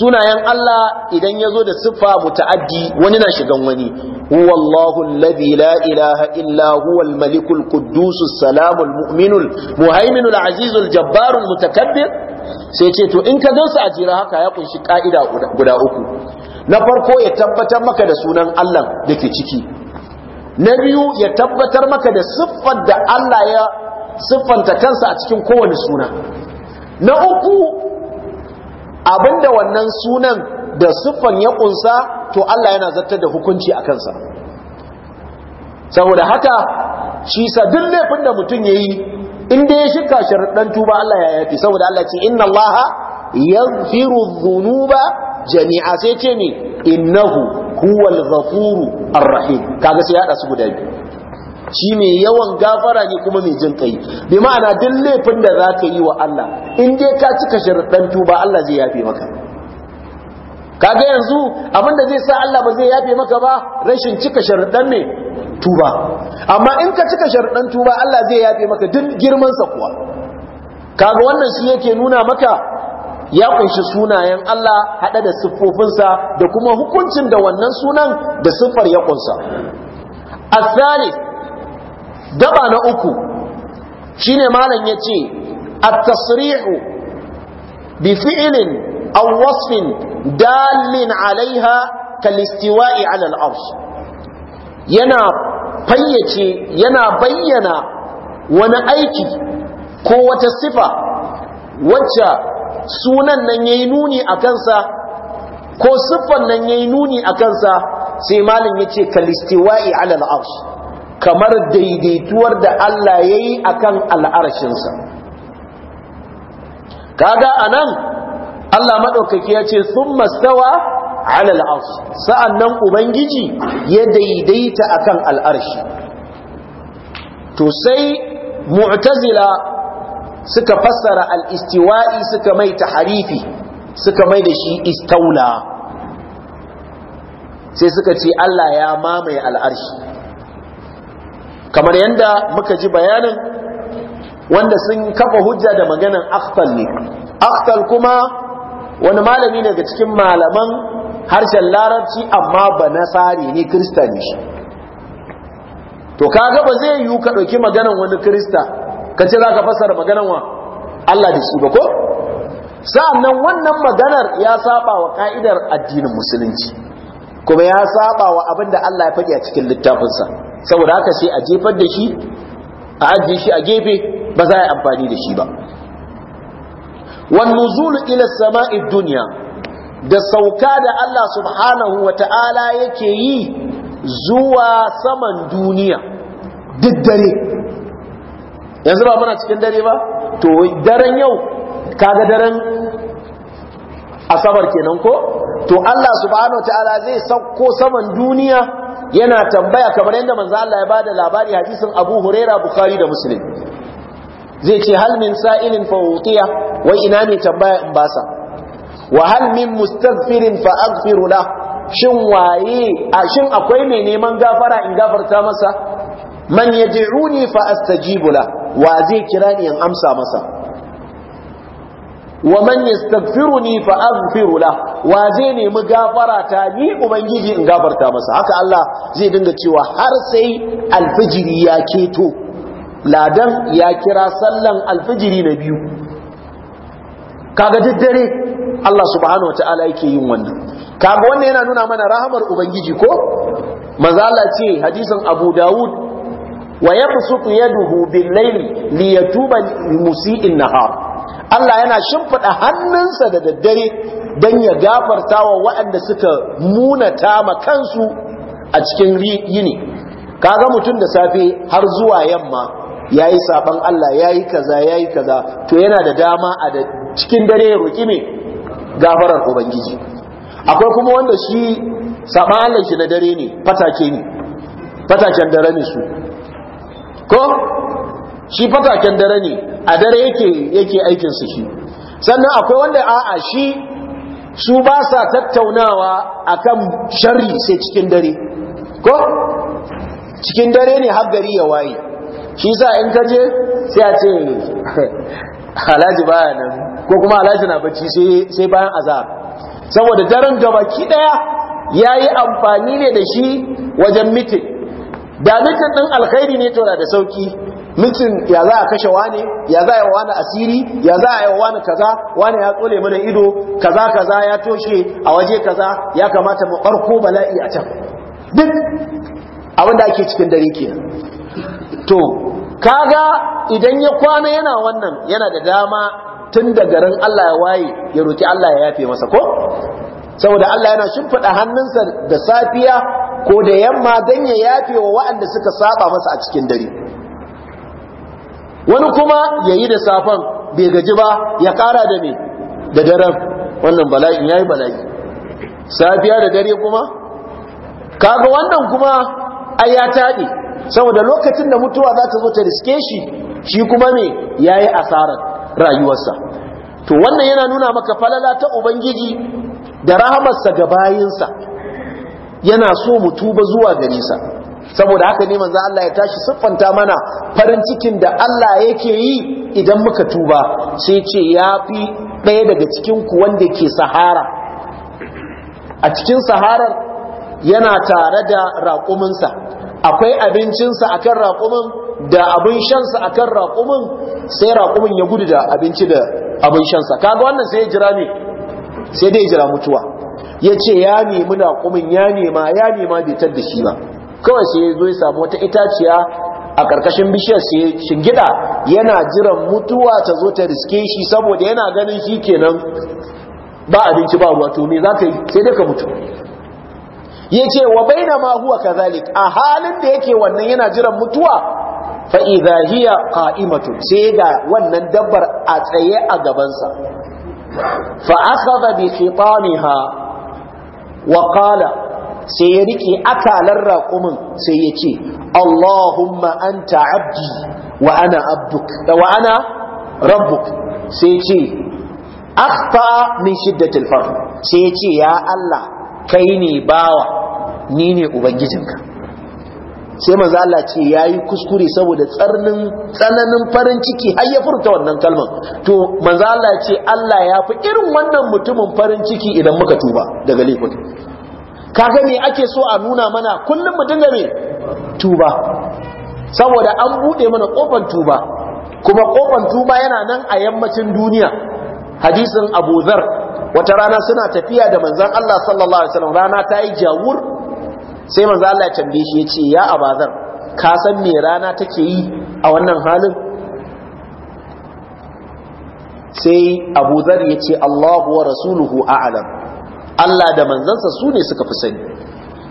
sunayen Allah idan ya zo da siffa muta'addi wani na shigan wani huwallahu alladhi la ilaha illa huwal malikul quddusus salamul mu'minul muhaiminul azizul jabbarul mutakabbir sai ce to in ka gansu a jira haka ya kunshi ka'ida guda uku na farko ya tabbatar maka da sunan Allah dake ciki na biyu ya tabbatar maka da siffar da Allah ya siffanta kansa a cikin kowane suna na uku abinda wannan sunan da siffan ya kunsa to Allah yana zartar da hukunci a kansa saboda haka shi sa duk laifin da mutum yayi yi, inda ya shika sharadan tuba Allah ya yafi saboda Allah ce inna Allah yaghfiru dhunuba jami'a sai ce ne innahu huwal ghafuru arrahim kaga sai ya hada su guda biyu shi mai yawan gafara ne kuma mai jin kai bi ma'ana duk laifin da za ka yi wa Allah in dai ka cika sharaɗan tuba Allah zai yafe maka kaga yanzu abinda zai sa Allah ba zai yafe maka ba rashin cika sharaɗan ne tuba amma in ka cika sharaɗan tuba Allah zai yafe maka duk girman sa kuwa kaga wannan shi yake nuna maka ya kunshi sunayen Allah haɗe da siffofinsa da kuma hukuncin da wannan sunan da siffar ya kunsa. Asali gaba na uku shine malam ce a tasrihu bi fi'ilin aw wasfin dalin alaiha kalistiwa'i alal 'ala yana fayyace yana bayyana wani aiki ko wata sifa wacce sunan nan yi nuni a kansa ko siffan nan yi nuni a kansa sai malam yace ce istiwai 'ala al kamar daidaituwar da Allah ya yi a kan al'arshinsa kaga a nan Allah maɗaukaki ya ce sun mastawa alal arshi sa'an nan Ubangiji ya daidaita a kan al'arshi to sai mu'tazila suka fassara al'istiwa'i suka mai ta harifi suka mai da shi istaula sai suka ce Allah ya mamaye al'arshi kamar yadda muka ji bayanin wanda sun kafa hujja da maganan akhtal ne akhtal kuma wani malami daga cikin malaman harshen larabci amma ba nasari ne krista ne shi to kaga ba zai yiwu ka ɗauki maganan wani krista ka ce za ka fasara maganan wa Allah da shi ba ko sa'annan wannan maganar ya saba wa ka'idar addinin musulunci kuma ya saba wa abin da Allah ya faɗi a cikin littafinsa saboda haka sai a jefar da shi a ajiye shi a gefe ba za a yi amfani da shi ba wan nuzulu ila sama'i duniya da sauka da Allah subhanahu wa ta'ala yake yi zuwa saman duniya duk dare yanzu ba muna cikin dare ba to daren yau kaga daren asabar kenan ko to Allah subhanahu wa ta'ala zai sauko saman duniya yana tambaya kamar yadda manzo Allah ya bada labari hadisin Abu Huraira Bukhari da Muslim zai ce hal min sa'ilin fa utiya wai ina ne tambaya in basa wa hal min mustaghfirin fa aghfiru la shin waye a shin akwai mai neman gafara in gafarta masa man yad'uni fa astajibu la wa zai kira ni in amsa masa wa man yastaghfiruni fa aghfiru la wa zai nemi gafara ta ni ubangiji in gafarta masa haka Allah zai dinga cewa har sai alfijiri ya keto ladan ya kira sallan alfijiri na biyu kaga daddare Allah subhanahu wataala yake yin wannan kaga wannan yana nuna mana rahamar ubangiji ko manzo Allah ce hadisin Abu Dawud wa yabsutu yaduhu bil layli li yatuba na nahar Allah yana shimfiɗa hannunsa da daddare don ya gafarta wa waɗanda suka munata ma kansu a cikin yini kaga mutum da safe har zuwa yamma yayi saban Allah yayi kaza yayi kaza to yana da dama a da cikin dare ya roki me gafarar ubangiji akwai kuma wanda shi saban Allah shi na dare ne fatake ne fataken dare ne su ko shi fataken dare ne a dare yake yake aikin shi sannan akwai wanda a'a shi su ba sa tattaunawa akan sharri sai cikin dare ko cikin dare ne har gari ya waye shi sa in kaje je sai a ce halaji baya nan ko kuma halaji na bacci sai bayan aza saboda daren gabaki daya yayi amfani ne da shi wajen mitin da mitin din alkhairi ne to da sauki mutum ya za a kashe wane ya za a yi wani asiri ya za a yi wani kaza wane ya tsole mana ido kaza kaza ya toshe a waje kaza ya kamata mu barko bala'i a can duk abin da ake cikin dare kenan to kaga idan ya kwana yana wannan yana da dama tun da garin Allah ya waye ya roki Allah ya yafe masa ko saboda Allah yana shimfiɗa hannunsa da safiya ko da yamma ganye ya yafe wa waɗanda suka saba masa a cikin dare wani kuma yayi yi da safan bai gaji ba ya kara da me da daren wannan bala'in ya yi bala'i safiya da dare kuma kaga wannan kuma ai ya taɗe saboda lokacin da mutuwa za ta zo ta riske shi shi kuma me ya yi asarar rayuwarsa to wannan yana nuna maka falala ta ubangiji da rahamarsa ga bayinsa yana so mu tuba zuwa gare sa saboda haka ne manzo Allah ya tashi siffanta mana farin cikin da Allah yake yi idan muka tuba sai ce ya fi ɗaya daga cikin ku wanda ke sahara a cikin saharar yana tare da raƙuminsa akwai abincinsa a kan raƙumin da abin shansa a kan raƙumin sai raƙumin ya gudu da abinci da abin shansa kaga wannan sai ya jira ne sai dai jira mutuwa ya ce ya nemi kumin ya nema ya nema da da shi ba kawai sai ya zo ya samu wata itaciya a ƙarƙashin bishiyar sai shingida yana jiran mutuwa ta zo ta riske shi saboda yana ganin shi kenan ba abinci ba ruwa to me za ka yi sai dai ka mutu ya ce wa baina ma huwa kazalik a halin da yake wannan yana jiran mutuwa fa'iza hiya ƙa'imatu sai ga wannan dabbar a tsaye a gabansa fa akhadha bi khitamiha wa qala sai ya rike akalar raƙumin sai ya ce Allahumma anta abdi wa ana abduk rabbuk sai ya ce akhta min shiddatil farh sai ya ce ya Allah kai ne bawa ni ne ubangijinka sai manzo Allah ce yayi kuskure saboda tsarnin tsananin farin ciki har ya furta wannan kalman to manzo Allah ce Allah ya fi irin wannan mutumin farin ciki idan muka tuba daga laifin kaga me ake so a nuna mana kullum mu dinga me tuba saboda an bude mana kofar tuba kuma kofar tuba yana nan a yammacin duniya hadisin Abu Dharr wata rana suna tafiya da manzon Allah sallallahu alaihi wasallam rana ta yi jawur sai manzo Allah ya tambaye shi yace ya abazar ka san me rana take yi a wannan halin sai Abu Zar yace Allahu wa rasuluhu a'lam Allah da manzansa su ne suka fi sani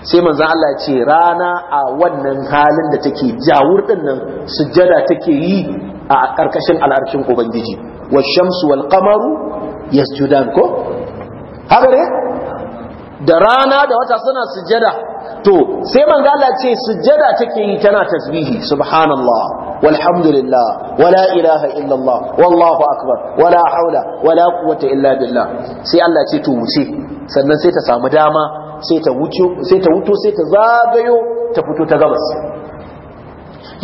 sai manzo Allah ce rana a wannan halin da take jawur din nan sujjada take yi a ƙarƙashin al'arkin ubangiji wa shamsu wal qamaru yasjudan ko haka ne da rana da wata suna sujjada to sai manzo Allah ce sujjada take yi tana tasbihi subhanallah walhamdulillah wala ilaha illallah wallahu akbar wala haula wala quwwata illa billah sai Allah ce to wuce sannan sai ta samu dama sai ta wuce sai ta wuto sai ta zagayo ta fito ta gabas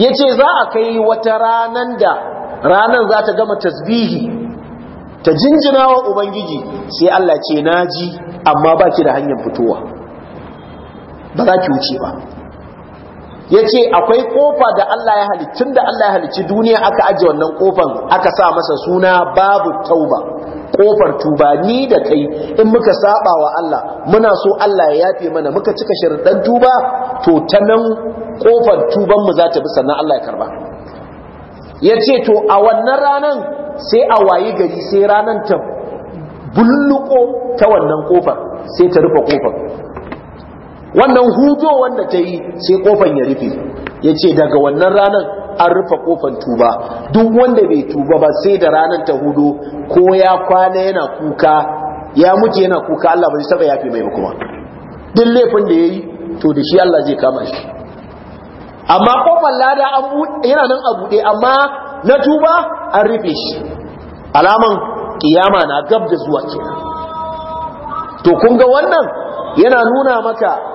yace za a kai wata ranan da ranan za ta gama tasbihi ta jinjina wa ubangiji sai Allah ce naji amma baki da hanyar fitowa ba za ki wuce ba ya ce akwai kofa da Allah ya halicci da Allah ya halicci duniya aka ajiye wannan kofan aka sa masa suna babu tauba kofar tuba ni da kai in muka saba wa Allah muna so Allah ya yafe mana muka cika ɗan tuba to ta nan kofar tuban mu za ta bi sannan Allah ya karba ya ce to a wannan ranan sai a wayi gari sai ranan ta bulluko ta wannan kofar sai ta rufe kofar wannan hudo wanda ta yi sai kofan ya rufe ya ce daga wannan ranar an rufe kofan tuba duk wanda bai tuba ba sai da ranar ta hudu. ko ya kwana yana kuka ya mutu yana kuka Allah bai saba yafe mai kuma duk laifin da yayi to da shi Allah zai kama shi amma kofan lada yana nan a buɗe amma na tuba an rufe shi alaman kiyama na gab da zuwa kenan to kun ga wannan yana nuna maka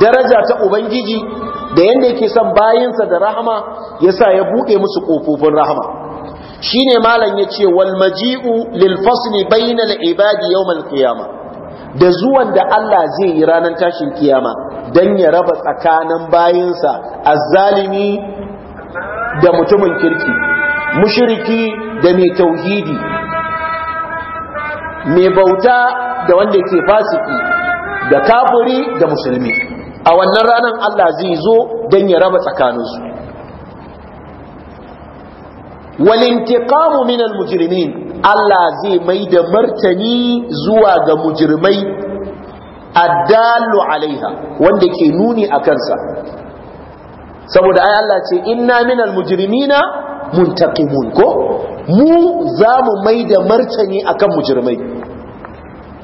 daraja ta ubangiji da yanda yake son bayinsa da rahama ya sa ya buɗe musu ƙofofin rahama shine malam yace wal maji'u lil fasli bainal ibadi yawmal kiyama. da zuwan da Allah zai yi ranar tashin kiyama dan ya raba tsakanin bayinsa azzalimi da mutumin kirki mushriki da mai tauhidi mai bauta da wanda yake fasiki da kafuri da musulmi a wannan ranar Allah zai zo don ya raba tsakaninsu walintiqamu minan mujirmin Allah zai mai da martani zuwa ga mujirmai. addalu alaiha wanda ke nuni a kansa saboda ai Allah ce inna minal na muntaqimun ko mu za mu mai da martani akan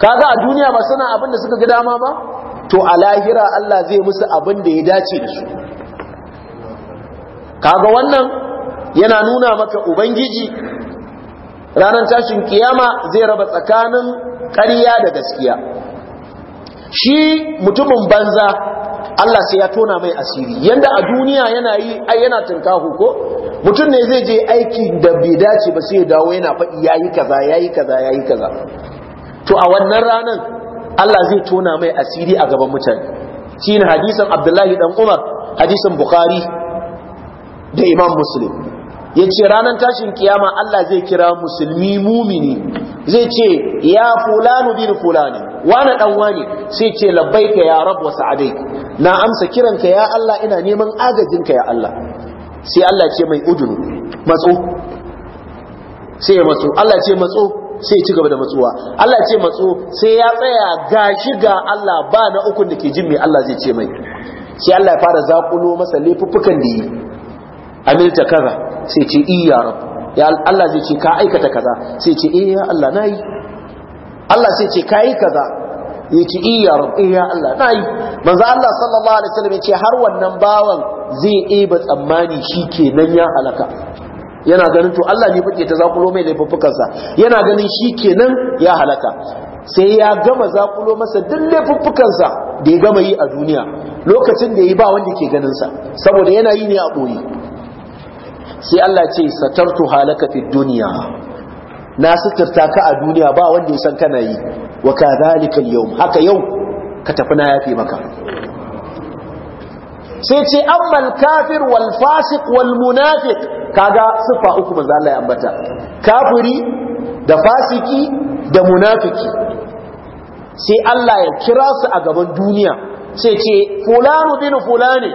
Ka kaga a duniya ba suna abin da suka ga dama ba to a lahira Allah zai musu abin da ya dace da su kaga wannan yana nuna maka ubangiji ranar tashin kiyama zai raba tsakanin ƙarya da gaskiya shi mutumin banza Allah sai ya tona mai asiri yanda a duniya yana yi ai yana tunkahu ko mutum ne zai je aiki da bai dace ba sai ya dawo yana faɗi yayi kaza yayi kaza yayi kaza to a wannan ranar Allah zai tona mai asiri a gaban mutane ne hadisan Abdullahi dan Umar hadisin Bukhari da Imam Muslim ce ranar tashin kiyama Allah zai kira musulmi mumini zai ce ya fulanu bin fulani wani dan wani sai ce ka ya rabu wa sa'adaik na amsa kiranka ya Allah ina neman agajinka ya Allah sai Allah ce mai udunu matso sai ya matso Allah ce matso sai ya ci gaba da matsuwa Allah ce matso sai ya tsaya shi ga Allah ba na ukun da ke jin me Allah zai ce mai sai Allah ya fara zakulo masa laifuffukan da yi amilta kaza sai ce i ya rab ya Allah zai ce ka aikata kaza sai ce eh ya Allah nayi Allah sai ce kai kaza ya ce i ya rab eh ya Allah nayi manzo Allah sallallahu alaihi wasallam ya ce har wannan bawan zai eba tsammani shikenan ya halaka yana ganin to Allah ne fike ta zakulo mai laifuffukansa yana ganin shi kenan ya halaka sai ya gama zakulo masa duk laifuffukansa da ya gama yi a duniya lokacin da ya ba wanda ke ganin sa saboda yana yi ne a ɓoye sai Allah ce satartu halaka fi duniya na suturta ka a duniya ba wanda ya san kana yi wa kadhalika yawm haka yau ka tafi na yafe maka sai ce ammal kafir wal fasiq wal munafiq kaga siffa uku manzo Allah ya ambata kafiri da fasiki da munafiki sai Allah ya kira su a gaban duniya sai ce fulanu bin fulani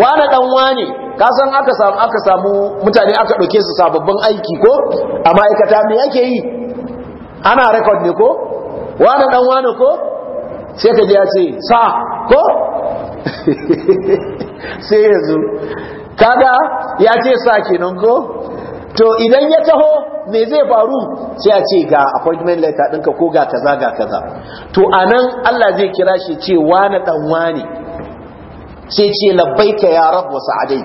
wane dan wane ka san aka samu aka samu mutane aka dauke su sababbin aiki ko a ma'aikata me yake yi ana record ne ko wane dan wane ko sai ka ji ya ce sa ko sai yanzu kaga ya ce sa kenan ko to idan ya taho me zai faru sai a ce ga appointment letter ɗinka ko ga kaza ga kaza to anan Allah zai kira shi ce wani dan wani sai ce labbaika ya rabu wa adai.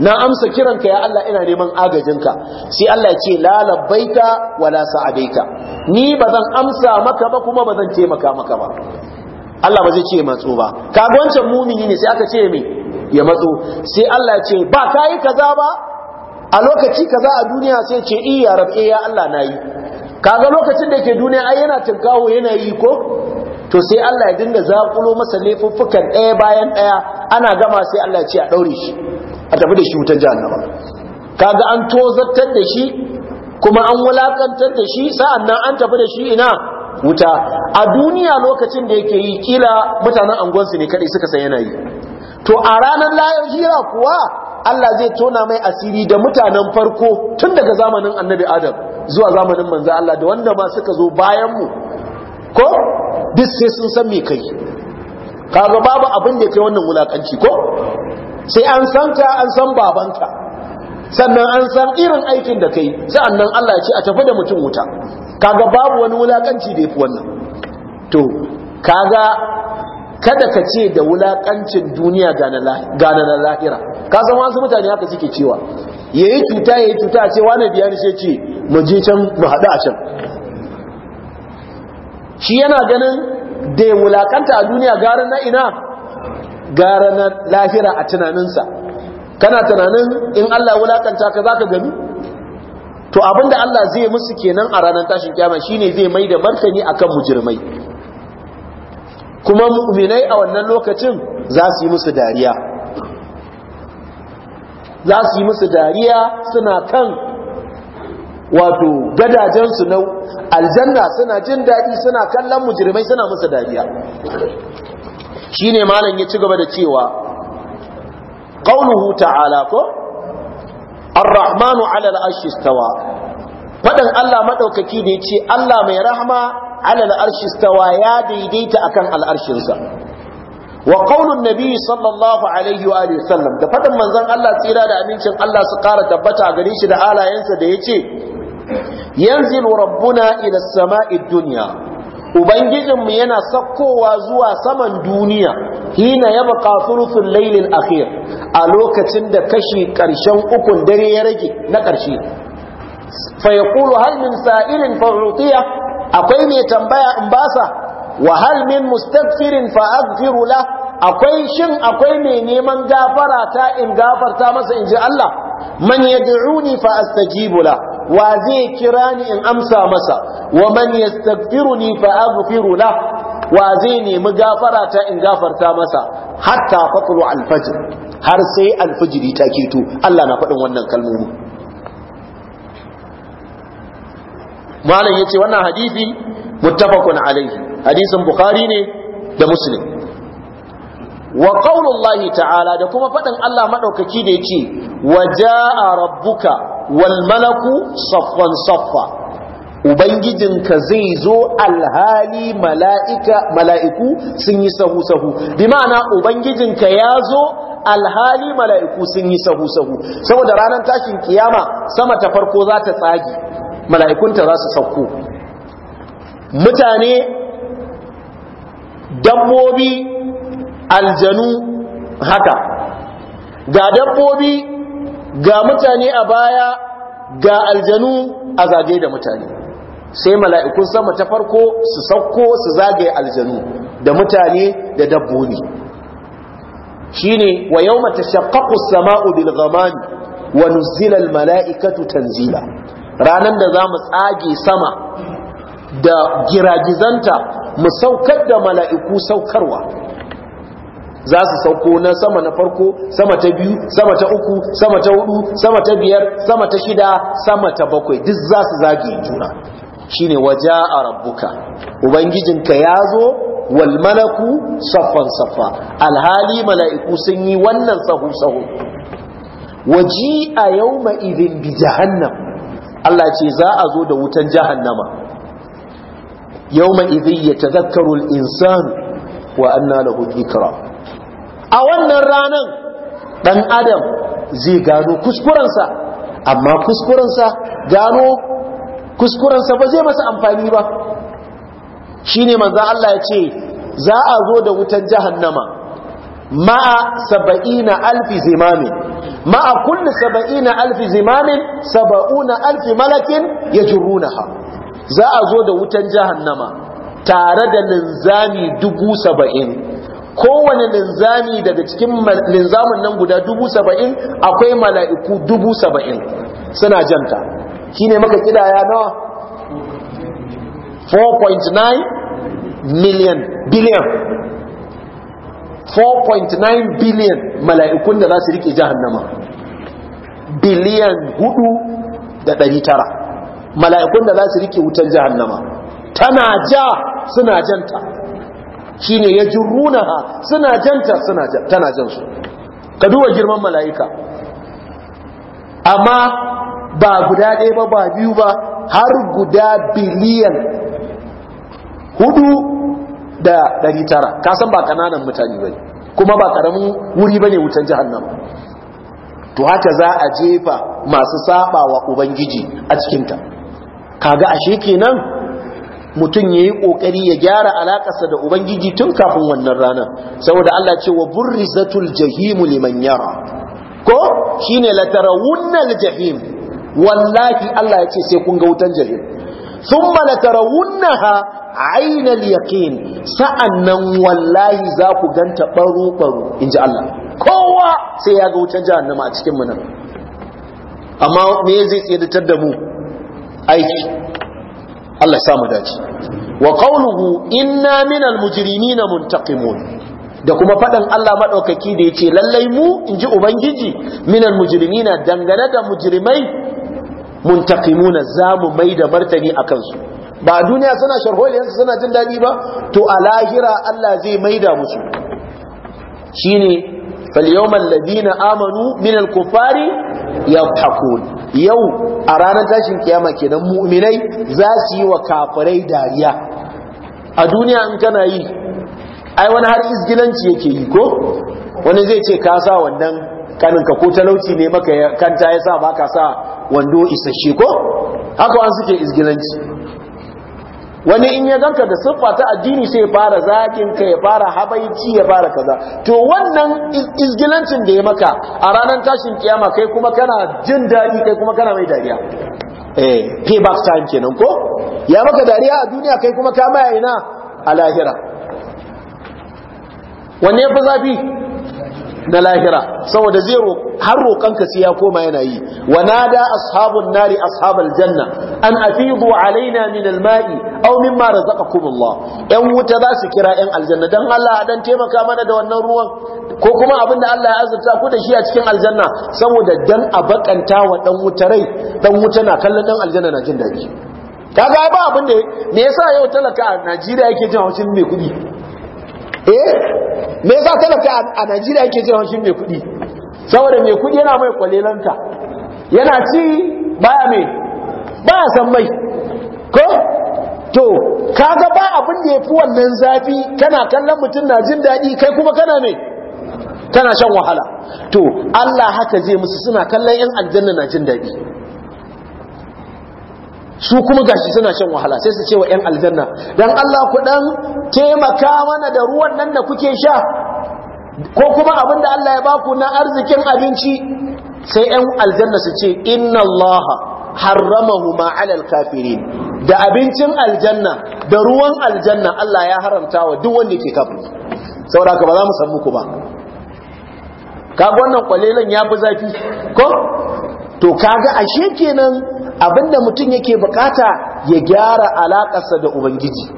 na amsa kiranka ya Allah ina neman agajinka sai Allah ya ce la labbaika wala sa'adaika ni bazan amsa maka ba kuma bazan taimaka maka ba Allah ba zai ce matso ba kaga wancan mumini ne sai aka ce me ya matso sai Allah ya ce ba ka yi kaza ba a lokaci kaza a duniya sai ce i ya rabe ya Allah na yi kaga lokacin da yake duniya ai yana tinkawo yana yi ko to sai Allah ya dinga zakulo masa laifuffukan ɗaya bayan ɗaya ana gama sai Allah ya ce a daure shi a tafi da shi wutar jahannama kaga an tozartar da shi kuma an wulakantar da shi sa'an nan an tafi da shi ina wuta a duniya lokacin da yake yi kila mutanen su ne kadai suka san yana yi to a ranar layar jira kuwa Allah zai tona mai asiri da mutanen farko tun daga zamanin annabi adam zuwa zamanin manzo Allah da wanda ma suka zo bayan mu ko duk sai sun san me kai kaga babu abin da kai wannan wulakanci ko sai an san ta an san babanka sannan an san irin aikin da kai sa'annan Allah ya ce a tafi da mutum wuta kaga babu wani wulakanci da yafi wannan to kaga kada ka ce da wulakancin duniya ga na lahira ka san wasu mutane haka suke cewa yayi cuta yayi cuta a ce wani biya ni sai ce mu je can mu haɗu a can shi yana ganin da ya wulakanta a duniya gara na ina gara na lahira a tunaninsa kana tunanin in Allah wulakanta ka zaka gani to abinda Allah zai musu kenan a ranar tashin kiyama shine zai mai da martani akan mujrimai kuma mu'minai a wannan lokacin za su yi musu dariya za su yi musu dariya suna kan wato gadajensu na aljanna suna jin daɗi suna kallon mujirmai suna musu dariya Shi ne malam ya ci gaba da cewa ƙaunuhu ta'ala ko ar-rahmanu 'ala al faɗin Allah maɗaukaki da ya ce Allah mai rahama alal arshi stawa ya daidaita akan al'arshinsa wa qaulun nabi sallallahu alaihi wa alihi sallam da faɗin manzon Allah tsira da amincin Allah su ƙara tabbata gare shi da alayensa da yace yanzilu rabbuna ila samai dunya ubangijinmu yana sakkowa zuwa saman duniya hina ya baka rufin lailin akhir a lokacin da kashi ƙarshen ukun dare ya rage na ƙarshe fa hal min sa'irin fa akwai mai tambaya in basa wa hal min mustaghfirin fa akwai shin akwai mai neman gafara ta in gafarta masa in ji Allah man yad'uni fa astajibu la wa zai kira ni in amsa masa wa man yastaghfiruni fa aghfiru la wa zai nemi gafara ta in gafarta masa hatta fatlu al-fajr har sai al-fajr ta keto Allah na faɗin wannan kalmomi malam yace wannan hadisi muttafaqun alaihi hadisin bukhari ne da muslim wa qaulullahi ta'ala da kuma fadin Allah madaukaki da yace wajaa rabbuka wal malaku saffan saffa ubangijinka zai zo alhali mala'ika mala'iku sun yi sahu sahu bi ma'ana ubangijinka ya zo alhali mala'iku sun yi sahu sahu saboda ranar tashin kiyama sama ta farko za ta tsage mala'ikunta za su sauko mutane dabbobi aljanu haka ga dabbobi ga mutane a baya ga aljanu a zage da mutane sai mala'ikun sama ta farko su sauko su zage aljanu da mutane da dabbobi shine wa yau ta as-sama'u bil ghamami wa nuzila malaikatu tanzila ranar da za mu tsage sama da giragizanta mu saukar da mala'iku saukarwa za su sauko na sama na farko sama ta biyu sama ta uku sama ta hudu sama ta biyar sama ta shida sama ta bakwai duk za su zage juna Shi ne waje a rabbuka ka ya zo wal malaku saffan saffa alhali mala'iku sun yi wannan sahu sahu waji a yau maizin bi jahannam Allah ce za a zo da wutan jahannama yawma idhi yatadhakkaru al-insan wa anna lahu dhikra a wannan ranan dan adam zai gano kuskurensa amma kuskurensa gano kuskurensa ba zai masa amfani ba shine manzo Allah ya ce za a zo da wutan jahannama ma'a saba'ina alfi zimamin ma'a kulli saba'ina alfi zimamin saba'una alfi malakin ya yajrunaha za a zo da wutan jahannama tare da linzami dubu saba'in kowane linzami daga cikin linzamin nan guda dubu saba'in akwai mala'iku dubu saba'in suna janta shi ne maka kidaya nawa 4.9 million billion 4.9 billion mala'ikun da za su rike jahannama biliyan 4.9 mala'ikun da za su rike wutar jahannama tana ja suna janta shine ya ha suna janta suna tana jansu ka duba girman mala'ika amma ba guda ɗaya ba ba biyu ba har guda biliyan hudu da ɗari tara ka san ba kananan mutane bane kuma ba karamin wuri bane wutan jahannama to haka za a jefa masu saba wa ubangiji a cikinta kaga ashe kenan mutum yayi yi ƙoƙari ya gyara sa da ubangiji tun kafin wannan ranar saboda Allah ce wa burrizatul jahimu liman yara ko shine latarawunnal jahim wallahi Allah ya ce sai kun ga wutan jahim thumma latarawunnaha ainal sa'an nan wallahi za ku ganta baro in ji Allah kowa sai ya ga wuta jahannama a cikin mu nan amma me zai tsiratar da mu aiki Allah samu dace wa qawluhu inna minal mujrimina muntaqimun da kuma faɗin Allah maɗaukaki da ya ce lallai mu in ji Ubangiji minan na dangane da mujrimai muntakimuna za mu mai da martani a kansu ba duniya suna sharholiyansu suna jin daɗi ba to a lahira Allah zai maida musu shi ne falyawman ladina amanu minal kufari ya yau a ranar tashin kiyama kenan mu'minai za su yi wa kafirai dariya a duniya in kana yi ai wani har izgilanci yake yi ko wani zai ce ka sa wannan kaninka ko talauci ne maka kanta ya sa ba ka sa wando isasshe ko haka wani suke izgilanci wani in ya ganka da siffa ta addini sai ya fara zakin ka ya fara habaici ya fara kaza to wannan izgilancin da ya maka a ranar tashin kiyama kai kuma kana jin daɗi kai kuma kana mai dariya eh payback time kenan ko ya maka dariya a duniya kai kuma ka maya ina a lahira wanne ya fi zafi na lahira saboda zai har roƙonka sai ya koma yana yi wa nada ashabun nari ashabal janna an afidu alaina min alma'i aw mimma Allah yan wuta za su kira yan aljanna dan Allah a dan taimaka mana da wannan ruwan ko kuma abin Allah ya azurta ku da shi a cikin aljanna saboda dan a bakanta wa dan wuta rai dan wuta na kallon dan aljanna na jin daɗi kaga ba abin da me yasa yau talaka a Najeriya yake jin haushin mai kuɗi eh me yasa talaka a Najeriya yake jin shi mai kuɗi saboda mai kuɗi yana mai kwalelanka yana ci baya mai a san mai ko to kaga ba abin da yafi wannan zafi kana kallon mutum na jin daɗi kai kuma kana mai kana shan wahala to Allah haka zai musu suna kallon yan aljanna na jin daɗi su kuma gashi suna shan wahala sai su ce wa ‘yan aljanna don Allah ku ɗan taimaka mana da ruwan nan da kuke sha ko kuma abin da Allah ya baku na arzikin abinci sai ‘yan aljanna su ce inna Allah harramahu ma'alal kafirin da abincin aljanna da ruwan aljanna Allah ya haramta wa duk wanda ke kafin saboda ka ba za mu san muku ba kaga wannan kwalelan ya fi zafi ko to kaga ashe kenan abinda mutum yake bukata ya gyara alakarsa da ubangiji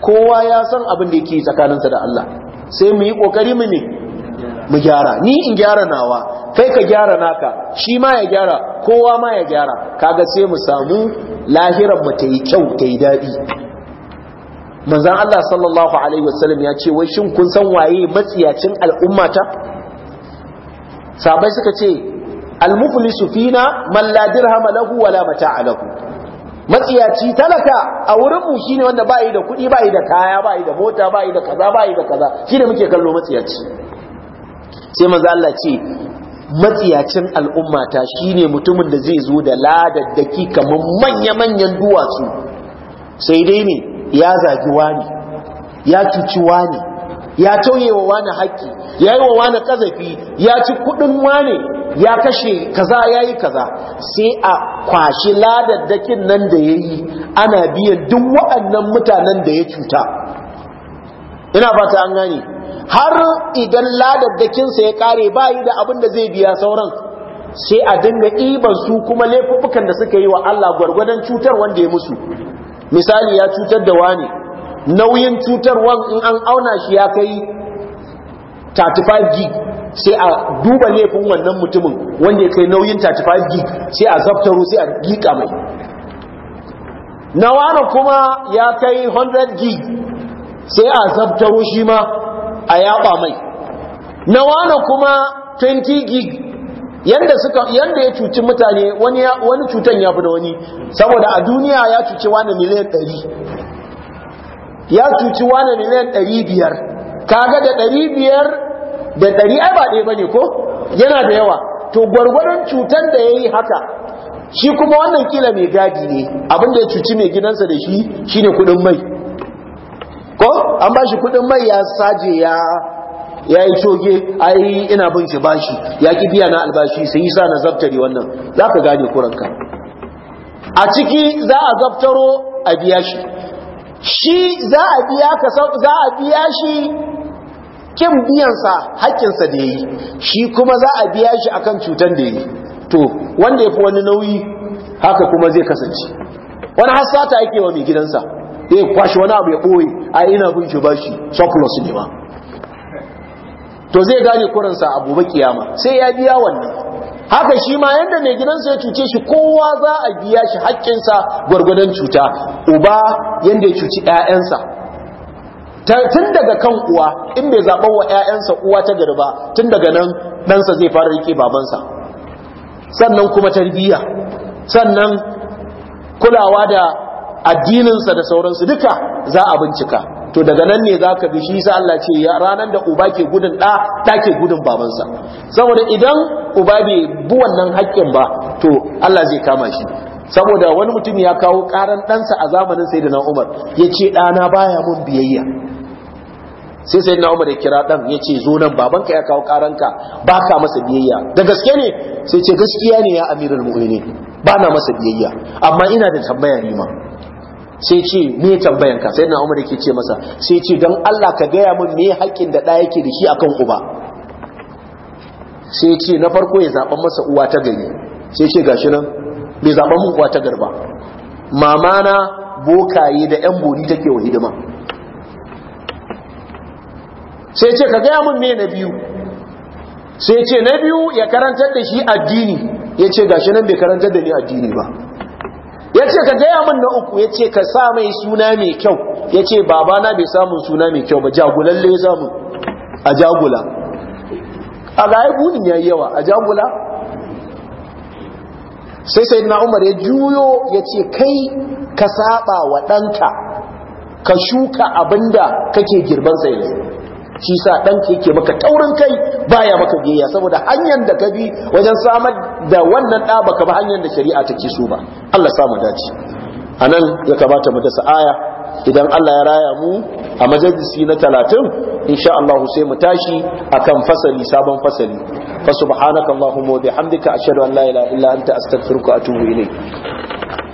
kowa ya san abin da yake tsakaninsa da Allah sai mu yi kokari mu ne mu gyara ni in gyara nawa kai ka gyara naka shi ma ya gyara kowa ma ya gyara kaga sai mu samu lahirar mu ta yi kyau ta yi daɗi manzon Allah sallallahu alaihi wasallam ya ce wai shin kun san waye matsiyacin al'ummata sabai suka ce al-muflisu fina man la dirhama lahu wala mata'a lahu matsiyaci talaka a wurin mu shine wanda bai da kuɗi bai da kaya bai da mota bai da kaza bai da kaza shine muke kallo matsiyaci sai manzo Allah ce matsiyacin al'ummata shine mutumin da zai zo da ladaddaki kamar manya-manyan duwatsu sai dai ne ya zagi wani ya cuci wani ya tauye wa wani haƙƙi ya yi wa wani ƙazafi, ya ci kuɗin wani ya kashe kaza ya yi kaza sai a kwashi ladaddakin nan da ya yi ana biyan duk waɗannan mutanen da ya cuta ina fata an gane har idan ladaddakinsa ya ƙare ba yi da abin da zai biya sauran sai a dinga ɗiban su kuma laifuffukan da suka yi wa Allah gwargwadon cutar wanda ya musu misali ya cutar da wani nauyin cutarwa in an auna shi ya kai 35 gig sai a duba laifin wannan mutumin wanda ya kai nauyin 35 gig sai a zaftaru sai a gika mai na kuma ya kai 100 gig sai a zaftaru shi ma a yaba mai na kuma 20 gig yanda suka yanda ya cuci mutane wani wani cutan ya fi da wani saboda a duniya ya cuci wani miliyan 100 ya cuci wani miliyan ɗari biyar kaga da ɗari biyar da ɗari ba ɗaya bane ko yana da yawa to gwargwaron cutar da ya yi haka shi kuma wannan kila mai gadi ne abinda ya cuci mai gidansa da shi shi ne kudin mai ko an bashi kudin mai ya saje ya ya yi coge ai ina bin shi bashi ya ki biya na albashi sai yasa na zaftari wannan za ka gane kuranka a ciki za a zaftaro a biya shi shi za a biya ka za a biya shi kin biyansa hakkinsa da yi, shi kuma za a biya shi akan cutan da yi. to wanda ya fi wani nauyi haka kuma zai kasance wani ta yake wa mai gidansa ya kwashi wani abu ya ɓoye a ina bin shi bashi surplus ne ma to zai gane kuransa a gobe kiyama sai ya biya wannan haka shi ma yadda mai gidansa ya cuce shi kowa za a biya shi haƙƙinsa gwargwadon cuta uba yadda ya cuci 'ya'yansa tun daga kan uwa in bai zaɓar wa 'ya'yansa uwa ta gari ba tun daga nan ɗansa zai fara rike babansa sannan kuma tarbiyya sannan kulawa da addininsa da sauransu duka za a bincika to daga nan ne zaka bi shi sa Allah ce ya ranan da uba ke gudun da take gudun babansa saboda idan uba bai bi wannan haƙƙin ba to Allah zai kama shi saboda wani mutum ya kawo karan ɗansa a zamanin sayyidina Umar ya ce ɗana baya mun biyayya sai sai na umar ya kira ɗan, ya ce zo nan babanka ya kawo ƙaranka, ba ka masa biyayya da gaske ne sai ce gaskiya ne ya amirul mu'minin ba na masa biyayya amma ina da tambaya ne ma sai ce me tambayan ka sai na umar yake ce masa sai ce don Allah ka gaya min me haƙin da ɗaya yake da shi akan uba sai ce na farko ya zaɓa masa uwa ta gari sai ce gashi nan bai zaɓa mun uwa ta garba mamana bokaye da yan boni take wa hidima sai ce ka gaya min me na biyu sai ce na biyu ya karantar da shi addini ya ce gashi nan bai karantar da ni addini ba ya ce ka gaya mun na uku ya ce ka sa mai suna mai kyau ya ce babana bai samun suna mai kyau ba jagulalle ya samun a jagula a gaya gudun ya yi yawa a jagula sai sai na umar ya juyo ya ce kai ka saba wa ɗanka ka shuka abinda kake girbansa yanzu shi sa ɗanka yake maka taurin kai baya maka biyayya saboda hanyar da ka bi wajen samar da wannan ɗa baka ba hanyar da shari'a take so ba Allah samu dace a nan ya kamata mu dasa aya idan Allah ya raya mu a majalisi na talatin insha Allah sai mu tashi akan fasali sabon fasali fa subhanakallahumma wa bihamdika ashhadu an la ilaha illa anta astaghfiruka wa atubu ilayk